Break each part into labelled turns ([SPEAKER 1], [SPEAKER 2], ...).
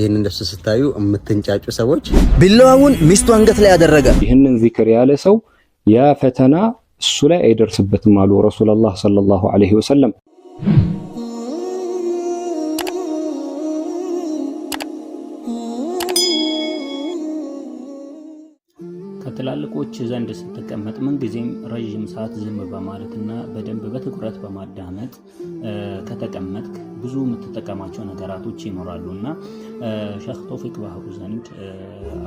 [SPEAKER 1] ይህንን ልብስ ስታዩ የምትንጫጩ ሰዎች ቢላዋውን ሚስቱ አንገት ላይ ያደረገ ይህንን ዚክር ያለ ሰው ያ ፈተና እሱ ላይ አይደርስበትም አሉ ረሱላላህ ሰለላሁ ዐለይሂ ወሰለም።
[SPEAKER 2] ከትላልቆች ዘንድ ስትቀመጥ ምንጊዜም ረዥም ሰዓት ዝም በማለትና በደንብ በትኩረት በማዳመጥ ከተቀመጥክ ብዙ የምትጠቀማቸው ነገራቶች ይኖራሉ እና ሸክ ቶፊቅ ባህሩ ዘንድ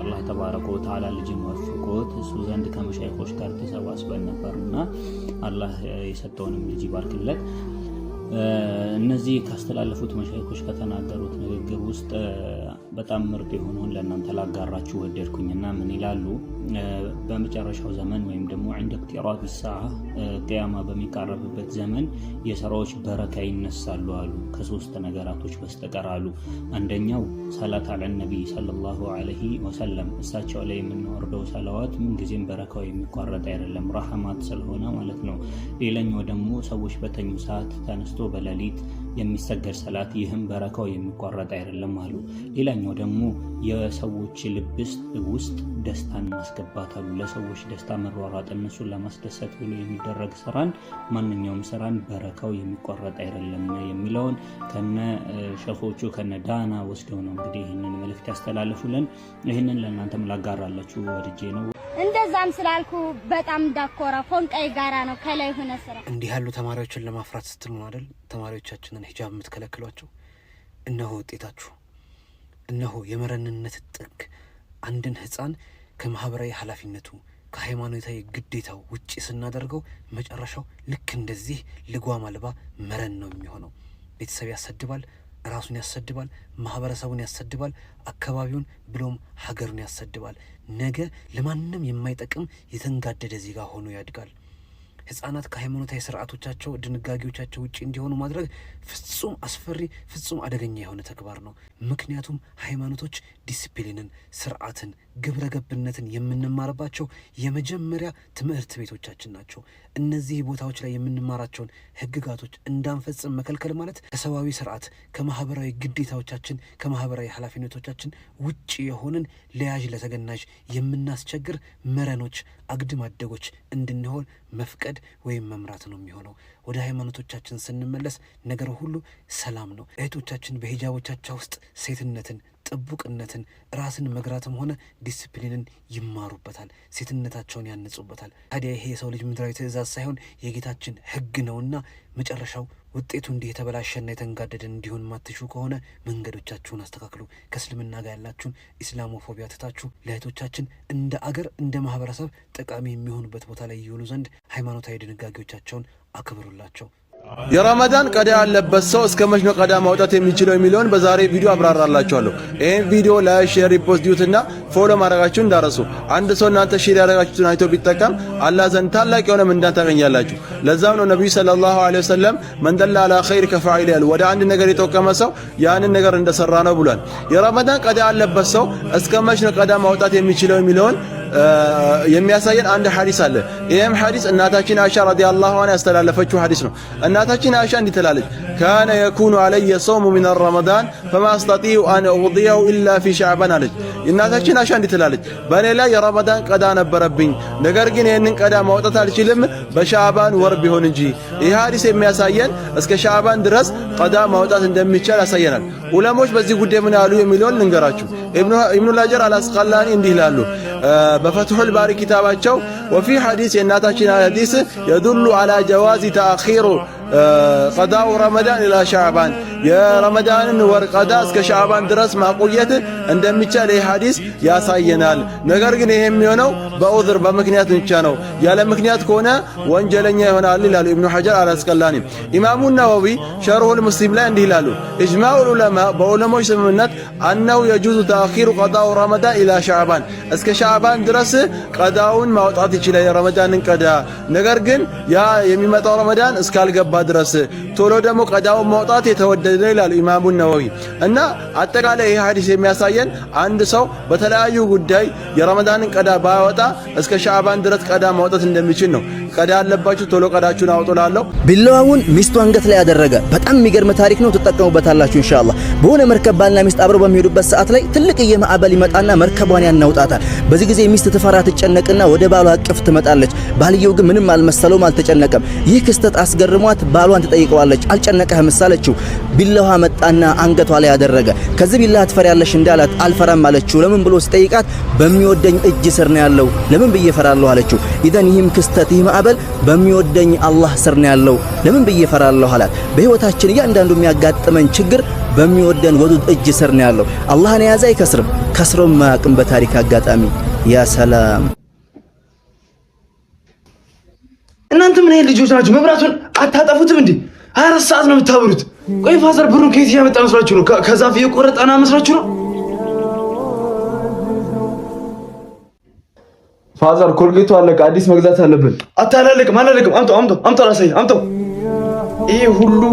[SPEAKER 2] አላህ ተባረከ ወተዓላ ልጅ ወፍቆት እሱ ዘንድ ከመሻይኮች ጋር ተሰባስበን ነበር እና አላህ የሰጠውንም ልጅ ይባርክለት። እነዚህ ካስተላለፉት መሻይኮች ከተናገሩት ንግግር ውስጥ በጣም ምርጥ የሆነውን ለእናንተ ላጋራችሁ ወደድኩኝና ምን ይላሉ? በመጨረሻው ዘመን ወይም ደግሞ እንደ ኢቅቲራብ ሳ ቅያማ በሚቃረብበት ዘመን የስራዎች በረካ ይነሳሉ አሉ። ከሶስት ነገራቶች በስተቀር አሉ። አንደኛው ሰላት አለ ነቢይ ሰለላሁ አለይሂ ወሰለም፣ እሳቸው ላይ የምናወርደው ሰላዋት ምንጊዜም በረካው የሚቋረጥ አይደለም፣ ራሃማት ስለሆነ ማለት ነው። ሌላኛው ደግሞ ሰዎች በተኙ ሰዓት ተነስቶ ተነስቶ በሌሊት የሚሰገድ ሰላት፣ ይህም በረካው የሚቋረጥ አይደለም አሉ። ሌላኛው ደግሞ የሰዎች ልብስ ውስጥ ደስታን ማስገባት አሉ። ለሰዎች ደስታ መሯሯጥ፣ እነሱን ለማስደሰት ብሎ የሚደረግ ስራን ማንኛውም ስራን በረካው የሚቋረጥ አይደለም የሚለውን ከነ ሸፎቹ ከነ ዳና ወስደው ነው እንግዲህ ይህንን መልእክት ያስተላልፉልን። ይህንን ለእናንተም ላጋራላችሁ ወድጄ ነው።
[SPEAKER 3] እንደዛም ስላልኩ በጣም እንዳኮራ ፎንቃይ ጋራ ነው ከላይ ሆነ ስራ።
[SPEAKER 4] እንዲህ ያሉ ተማሪዎችን ለማፍራት ስትሉ ነው አይደል ተማሪዎቻችንን ሂጃብ የምትከለክሏቸው? እነሆ ውጤታችሁ፣ እነሆ የመረንነት ጥግ አንድን ህፃን ከማህበራዊ ኃላፊነቱ ከሃይማኖታዊ ግዴታው ውጭ ስናደርገው መጨረሻው ልክ እንደዚህ ልጓም አልባ መረን ነው የሚሆነው። ቤተሰብ ያሰድባል፣ ራሱን ያሰድባል፣ ማህበረሰቡን ያሰድባል፣ አካባቢውን ብሎም ሀገሩን ያሰድባል። ነገ ለማንም የማይጠቅም የተንጋደደ ዜጋ ሆኖ ያድጋል። ህጻናት ከሃይማኖታዊ ስርዓቶቻቸው ድንጋጌዎቻቸው ውጭ እንዲሆኑ ማድረግ ፍጹም አስፈሪ ፍጹም አደገኛ የሆነ ተግባር ነው። ምክንያቱም ሃይማኖቶች ዲስፕሊንን፣ ስርዓትን፣ ግብረ ገብነትን የምንማርባቸው የመጀመሪያ ትምህርት ቤቶቻችን ናቸው። እነዚህ ቦታዎች ላይ የምንማራቸውን ህግጋቶች እንዳንፈጽም መከልከል ማለት ከሰብአዊ ስርዓት፣ ከማህበራዊ ግዴታዎቻችን፣ ከማህበራዊ ኃላፊነቶቻችን ውጭ የሆንን ለያዥ ለተገናዥ የምናስቸግር መረኖች፣ አግድም አደጎች እንድንሆን መፍቀድ ወይም መምራት ነው የሚሆነው። ወደ ሃይማኖቶቻችን ስንመለስ ነገር ሁሉ ሰላም ነው። እህቶቻችን በሂጃቦቻቸው ውስጥ ሴትነትን ጥቡቅነትን፣ ራስን መግራትም ሆነ ዲስፕሊንን ይማሩበታል፣ ሴትነታቸውን ያነጹበታል። ታዲያ ይሄ የሰው ልጅ ምድራዊ ትእዛዝ ሳይሆን የጌታችን ሕግ ነውና መጨረሻው ውጤቱ እንዲህ የተበላሸና የተንጋደደ እንዲሆን ማትሹ ከሆነ መንገዶቻችሁን አስተካክሉ። ከእስልምና ጋር ያላችሁን ኢስላሞፎቢያ ትታችሁ ለእህቶቻችን እንደ አገር እንደ ማህበረሰብ ጠቃሚ የሚሆኑበት ቦታ ላይ ይውሉ ዘንድ ሃይማኖታዊ ድንጋጌዎቻቸውን አክብሩላቸው።
[SPEAKER 5] የረመዳን ቀዳ ያለበት ሰው እስከ መች ነው ቀዳ ማውጣት የሚችለው የሚለውን በዛሬ ቪዲዮ አብራራላችኋለሁ። ይህን ቪዲዮ ላይ ሼር፣ ሪፖስት፣ ዲዩትና ፎሎ ማድረጋችሁን እንዳረሱ። አንድ ሰው እናንተ ሼር ያደረጋችሁትን አይቶ ቢጠቀም አላህ ዘንድ ታላቅ የሆነ ምንዳን ታገኛላችሁ። ለዛም ነው ነቢዩ ሰለላሁ ዐለይሂ ወሰለም መንደላ አላ ኸይር ከፋዒል ያሉ ወደ አንድ ነገር የተወቀመ ሰው ያንን ነገር እንደሰራ ነው ብሏል። የረመዳን ቀዳ ያለበት ሰው እስከ መች ነው ቀዳ ማውጣት የሚችለው የሚለውን የሚያሳየን አንድ ሐዲስ አለ። ይህም ሐዲስ እናታችን አይሻ ረዲየላሁ ዐንሃ ያስተላለፈችው ሐዲስ ነው። እናታችን አይሻ እንዲህ ትላለች፣ ካነ የኩኑ አለየ ሰውሙ ሚን ረመዳን ፈማ አስተጢዑ አን ኡቅዲየሁ ኢላ ፊ ሻዕባን አለች። እናታችን አይሻ እንዲህ ትላለች፣ በእኔ ላይ የረመዳን ቀዳ ነበረብኝ፣ ነገር ግን ይህንን ቀዳ ማውጣት አልችልም በሻዕባን ወር ቢሆን እንጂ። ይህ ሐዲስ የሚያሳየን እስከ ሻዕባን ድረስ ቀዳ ማውጣት እንደሚቻል ያሳየናል። ዑለሞች በዚህ ጉዳይ ምን ያሉ የሚለውን ልንገራችሁ። ኢብኑ ሀጀር አል እንዲህ ይላሉ በፈትሑል ባሪ ኪታባቸው ወፊ ሐዲስ የእናታችን ሐዲስ የዱሉ አላ ጀዋዚ ተአኺሩ ቀዳው ረመዳን ኢላ ሻዕባን የረመዳንን ወር ቀዳ እስከ ሻዕባን ድረስ ማቆየት እንደሚቻል ይህ ሐዲስ ያሳየናል። ነገር ግን ይሄ የሚሆነው በዑዝር በምክንያት ብቻ ነው። ያለ ምክንያት ከሆነ ወንጀለኛ ይሆናል ይላሉ ኢብኑ ሐጀር አልአስቀላኒ። ኢማሙ ነወዊ ሸርሁል ሙስሊም ላይ እንዲህ ይላሉ፣ ኢጅማዑል ዑለማ በዑለሞች ስምምነት አነው የጁዙ ተአኺሩ ቀዳኡ ረመዳን ኢላ ሻዕባን እስከ ሻዕባን ድረስ ቀዳውን ማውጣት ይችላል። የረመዳንን ቀዳ ነገር ግን ያ የሚመጣው ረመዳን እስካልገባ መድረስ ቶሎ ደግሞ ቀዳውን መውጣት የተወደደ ይላሉ ኢማሙ ነወዊ። እና አጠቃላይ ይህ ሀዲስ የሚያሳየን አንድ ሰው በተለያዩ ጉዳይ የረመዳንን ቀዳ ባያወጣ እስከ ሻዕባን ድረስ ቀዳ ማውጣት እንደሚችል ነው። ቀዳ ያለባችሁ ቶሎ ቀዳችሁን አውጡላለሁ።
[SPEAKER 1] ቢላዋውን ሚስቱ አንገት ላይ ያደረገ በጣም የሚገርም ታሪክ ነው። ትጠቀሙበታላችሁ ኢንሻአላ። በሆነ መርከብ ባልና ሚስት አብረው በሚሄዱበት ሰዓት ላይ ትልቅ የማዕበል ይመጣና መርከቧን ያናውጣታል። በዚህ ጊዜ ሚስት ትፈራ ትጨነቅና ወደ ባሏ አቅፍ ትመጣለች። ባልየው ግን ምንም አልመሰለውም፣ አልተጨነቀም። ይህ ክስተት አስገርሟት ባሏን ትጠይቀዋለች። አልጨነቀህም አለችው። ቢላዋ መጣና አንገቷ ላይ ያደረገ። ከዚህ ቢላዋ ትፈሪያለሽ እንዳላት አልፈራም አለችው። ለምን ብሎ ሲጠይቃት በሚወደኝ እጅ ስር ነው ያለው ለምን ብዬ እፈራለሁ አለችው። ኢዘን ይህም ክስተት ይህ ማዕበል በሚወደኝ አላህ ስር ነው ያለው ለምን ብዬ እፈራለሁ አላት። በህይወታችን እያንዳንዱ የሚያጋጥመን ችግር በሚወደን ወዱድ እጅ ስር ነው ያለው። አላህን የያዘ አይከስርም፣ ከስሮም ማያውቅም። በታሪክ አጋጣሚ ያ ሰላም።
[SPEAKER 6] እናንተ ምን አይነት ልጆች ናችሁ? መብራቱን አታጠፉትም እንዴ? አራት ሰዓት ነው የምታበሩት። ቆይ ፋዘር ብሩን ከየት ያመጣ መስላችሁ ነው? ከዛፍ እየቆረጠና መስላችሁ ነው
[SPEAKER 7] ፋዘር ኮልጌቱ አለቀ። አዲስ መግዛት አለብን።
[SPEAKER 6] አታላለቅም አላለቅም። አምጣው አምጣው አምጣው ላሳይህ አምጣው። ይሄ ሁሉ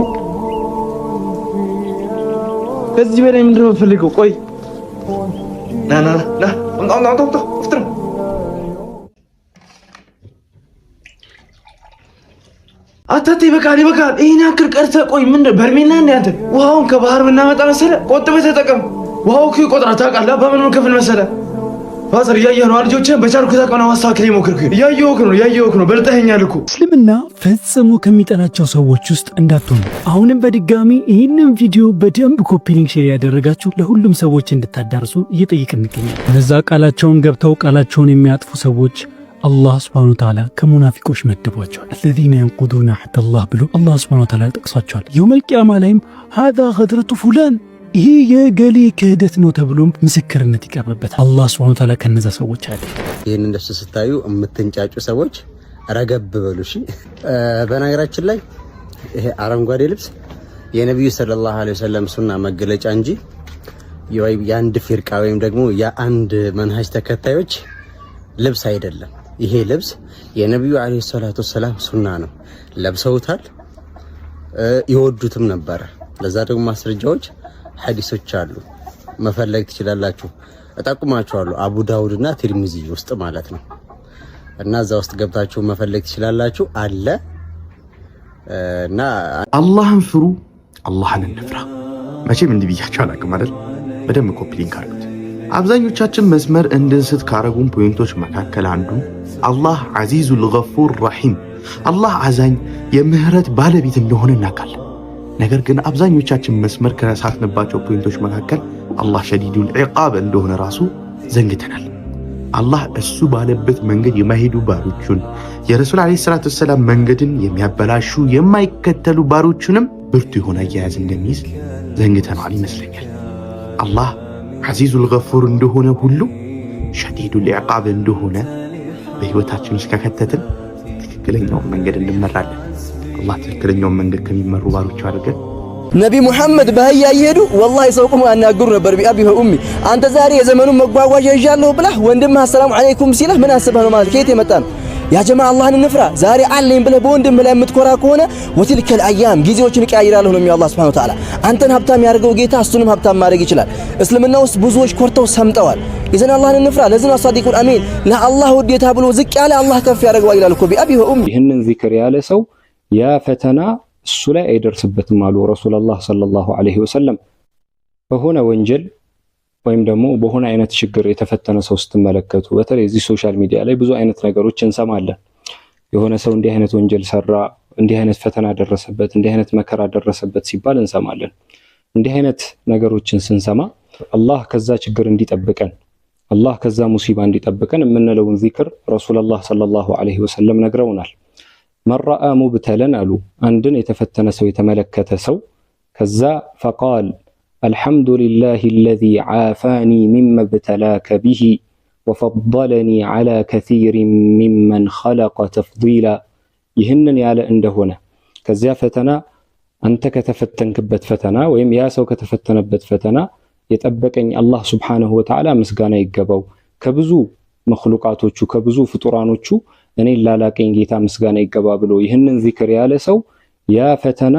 [SPEAKER 6] ከዚህ በላይ ምንድን ነው የምፈልገው? ቆይ ና ና ና አምጣው አምጣው አምጣው አፍጥር። አታቴ ይበቃል ይበቃል። ይሄን ያክል ቀርተ ቆይ ምን በርሜና እንደ አንተ ውሃውን ከባህር ምናመጣ መሰለ? ቆጥበ ተጠቀም። ውሃው እኮ ይቆጥራል ታውቃለህ። በምን ክፍል መሰለ? ፓስተር እያየህ ነው። ልጆችን በቻልኩት አቅም ለማስተካከል የሞከርኩኝ እያየሁህ ነው እያየሁህ ነው። በልጠኸኛል እኮ።
[SPEAKER 8] እስልምና ፈጽሞ ከሚጠላቸው ሰዎች ውስጥ እንዳትሆኑ አሁንም በድጋሚ ይህንን ቪዲዮ በደንብ ኮፒሊንግ ሼር ያደረጋችሁ ለሁሉም ሰዎች እንድታዳርሱ እየጠየቅ እንገኛል። እነዛ ቃላቸውን ገብተው ቃላቸውን የሚያጥፉ ሰዎች አላህ ስብሐነ ወተዓላ ከሙናፊቆች መድቧቸዋል። አለዚነ የንቁዱነ ዐህደላህ ብሎ አላህ ስብሐነ ወተዓላ ጠቅሷቸዋል። የውመል ቂያማ ላይም ሀዛ ኸድረቱ ፉላን ይህ የገሌ ክህደት ነው ተብሎም ምስክርነት ይቀርብበታል። አላህ ስብሐነ ወተዓላ ከነዛ ሰዎች አለ።
[SPEAKER 1] ይህን ልብስ ስታዩ የምትንጫጩ ሰዎች ረገብ በሉ እሺ። በነገራችን ላይ ይሄ አረንጓዴ ልብስ የነቢዩ ሰለላሁ ዐለይሂ ወሰለም ሱና መገለጫ እንጂ የአንድ ፊርቃ ወይም ደግሞ የአንድ መንሃጅ ተከታዮች ልብስ አይደለም። ይሄ ልብስ የነቢዩ ዐለይሂ ሰላቱ ወሰላም ሱና ነው። ለብሰውታል፣ ይወዱትም ነበረ። ለዛ ደግሞ ማስረጃዎች ሐዲሶች አሉ፣ መፈለግ ትችላላችሁ። እጠቁማችኋለሁ። አቡ ዳውድ እና ትርሚዚ ውስጥ ማለት ነው። እና እዛ ውስጥ ገብታችሁ መፈለግ ትችላላችሁ አለ እና
[SPEAKER 9] አላህን ፍሩ፣ አላህን እንፍራ። መቼም እንዲህ ብያቸው አላውቅም አይደል? በደንብ ኮፒ ሊንክ አድርጉት። አብዛኞቻችን መስመር እንድንስት ካረጉን ፖይንቶች መካከል አንዱ አላህ አዚዙል ገፉር ራሒም፣ አላህ አዛኝ የምህረት ባለቤት እንደሆነ እናውቃለን። ነገር ግን አብዛኞቻችን መስመር ከሳትንባቸው ፖይንቶች መካከል አላህ ሸዲዱል ዒቃብ እንደሆነ ራሱ ዘንግተናል። አላህ እሱ ባለበት መንገድ የማይሄዱ ባሮቹን የረሱል ዓለይሂ ሰላቱ ወሰላም መንገድን የሚያበላሹ የማይከተሉ ባሮቹንም ብርቱ የሆነ አያያዝ እንደሚይዝ ዘንግተናል ይመስለኛል። አላህ ዐዚዙል ገፉር እንደሆነ ሁሉ ሸዲዱል ዒቃብ እንደሆነ በሕይወታችን ውስጥ ከከተትን ትክክለኛውን መንገድ እንመራለን። አላህ ትክክለኛውን መንገድ ከሚመሩ ባሮቹ አድርገን
[SPEAKER 1] ነቢ ሙሐመድ በአህያ እየሄዱ ወላሂ ሰው ቁሞ ያናግሩ ነበር። ቢአቢ ወኡሚ አንተ ዛሬ የዘመኑን መጓጓዣ ይዣለሁ ብለህ ወንድምህ አሰላሙ አለይኩም ሲለህ ምን አስበህ ነው ማለት ከየት የመጣ ነው? ያ ጀማ አላህን እንፍራ። ዛሬ አለኝ ብለህ በወንድምህ ላይ የምትኮራ ከሆነ ወቲልከል አያም ጊዜዎችን እቀያይራለሁ ነው የሚለው አላህ ሱብሓነሁ ወተዓላ። አንተን ሀብታም ያደርገው ጌታ እሱንም ሀብታም ማድረግ ይችላል። እስልምና ውስጥ ብዙዎች ኮርተው ሰምጠዋል። ይዘን አላህን እንፍራ። ለዝና ሳዲቁል አሚን ለአላህ ውዴታ ብሎ ዝቅ ያለ አላህ ከፍ ያደርገዋል ይላል እኮ ቢአቢ ወኡሚ። ይህንን ዚክር ያለ ሰው ያ ፈተና እሱ ላይ አይደርስበትም አሉ ረሱላላህ ሰለላሁ ዐለይሂ ወሰለም። በሆነ ወንጀል ወይም ደግሞ በሆነ አይነት ችግር የተፈተነ ሰው ስትመለከቱ፣ በተለይ እዚህ ሶሻል ሚዲያ ላይ ብዙ አይነት ነገሮች እንሰማለን። የሆነ ሰው እንዲህ አይነት ወንጀል ሰራ፣ እንዲህ አይነት ፈተና ደረሰበት፣ እንዲህ አይነት መከራ ደረሰበት ሲባል እንሰማለን። እንዲህ አይነት ነገሮችን ስንሰማ አላህ ከዛ ችግር እንዲጠብቀን አላህ ከዛ ሙሲባ እንዲጠብቀን የምንለውን ዚክር ረሱላላህ ሰለላሁ ዐለይሂ ወሰለም ነግረውናል። መራአ ሙብተለን አሉ አንድን የተፈተነ ሰው የተመለከተ ሰው ከዛ ፈቃል አልሐምዱ ሊላህ አለዚ ዓፋኒ ሚማ ብተላከ ብሂ ወፈደለኒ ዓላ ከሲሪን ሚመን ኸለቀ ተፍዲላ ይህንን ያለ እንደሆነ ከዚያ ፈተና አንተ ከተፈተንክበት ፈተና ወይም ያ ሰው ከተፈተነበት ፈተና የጠበቀኝ አላህ ስብሓነሁ ወተዓላ ምስጋና ይገባው ከብዙ መክሉቃቶቹ ከብዙ ፍጡራኖቹ እኔን ላላቀኝ ጌታ ምስጋና ይገባ ብሎ ይህንን ዚክር ያለ ሰው ያ ፈተና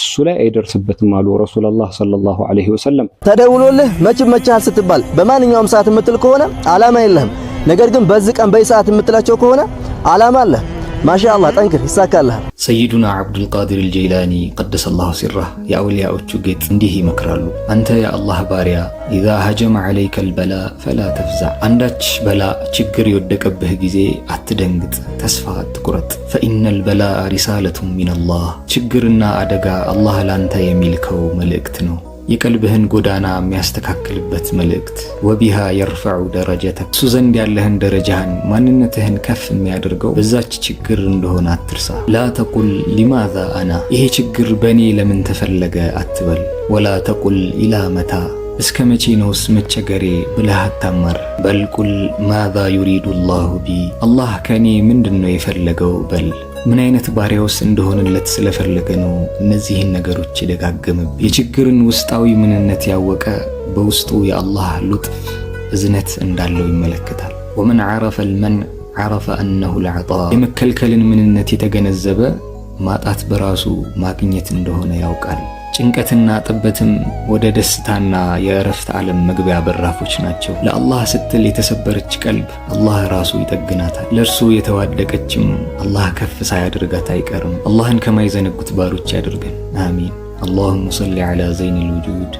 [SPEAKER 1] እሱ ላይ አይደርስበትም አሉ ረሱላላህ ሰለላሁ ዐለይሂ ወሰለም። ተደውሎልህ መችም መችሃል ስትባል በማንኛውም ሰዓት የምትል ከሆነ አላማ የለህም። ነገር ግን በዚህ ቀን በይ ሰዓት የምትላቸው ከሆነ አላማ አለህ። ማሻአላህ ጠንክር፣ ይሳካልሃል።
[SPEAKER 10] ሰይዱና ዓብዱልቃድር አልጀይላኒ ቀደሰ ላሁ ሲራህ የአውልያዎቹ ጌጥ እንዲህ ይመክራሉ። አንተ የአላህ ባሪያ ኢዛ ሀጀመ ዓለይከ ልበላ ፈላ ተፍዛዕ፣ አንዳች በላ ችግር የወደቀብህ ጊዜ አትደንግጥ፣ ተስፋ አትቁረጥ። ፈኢነ ልበላ ሪሳለቱን ሚንላህ፣ ችግርና አደጋ አላህ ላንተ የሚልከው መልእክት ነው። የቀልብህን ጎዳና የሚያስተካክልበት መልእክት ወቢሃ የርፈዑ ደረጀተ እሱ ዘንድ ያለህን ደረጃህን ማንነትህን ከፍ የሚያደርገው በዛች ችግር እንደሆነ አትርሳ። ላ ተቁል ሊማዛ አና ይሄ ችግር በእኔ ለምን ተፈለገ አትበል። ወላ ተቁል ኢላ መታ እስከ መቼ ነውስ መቸገሬ ብለህ አታማር። በልቁል ማዛ ዩሪዱ ላሁ ቢ አላህ ከእኔ ምንድን ነው የፈለገው በል። ምን አይነት ባሪያውስ እንደሆንለት ስለፈለገ ነው እነዚህን ነገሮች የደጋገመብ። የችግርን ውስጣዊ ምንነት ያወቀ በውስጡ የአላህ ሉጥፍ እዝነት እንዳለው ይመለከታል። ወመን ዓረፈ ልመንዕ ዓረፈ አነሁ ልዓጣ። የመከልከልን ምንነት የተገነዘበ ማጣት በራሱ ማግኘት እንደሆነ ያውቃል። ጭንቀትና ጥበትም ወደ ደስታና የእረፍት ዓለም መግቢያ በራፎች ናቸው። ለአላህ ስትል የተሰበረች ቀልብ አላህ ራሱ ይጠግናታል። ለእርሱ የተዋደቀችም አላህ ከፍ ሳያደርጋት አይቀርም። አላህን ከማይዘነጉት ባሮች ያደርገን። አሚን። አላሁመ ሰሊ ዓላ ዘይን ልውጁድ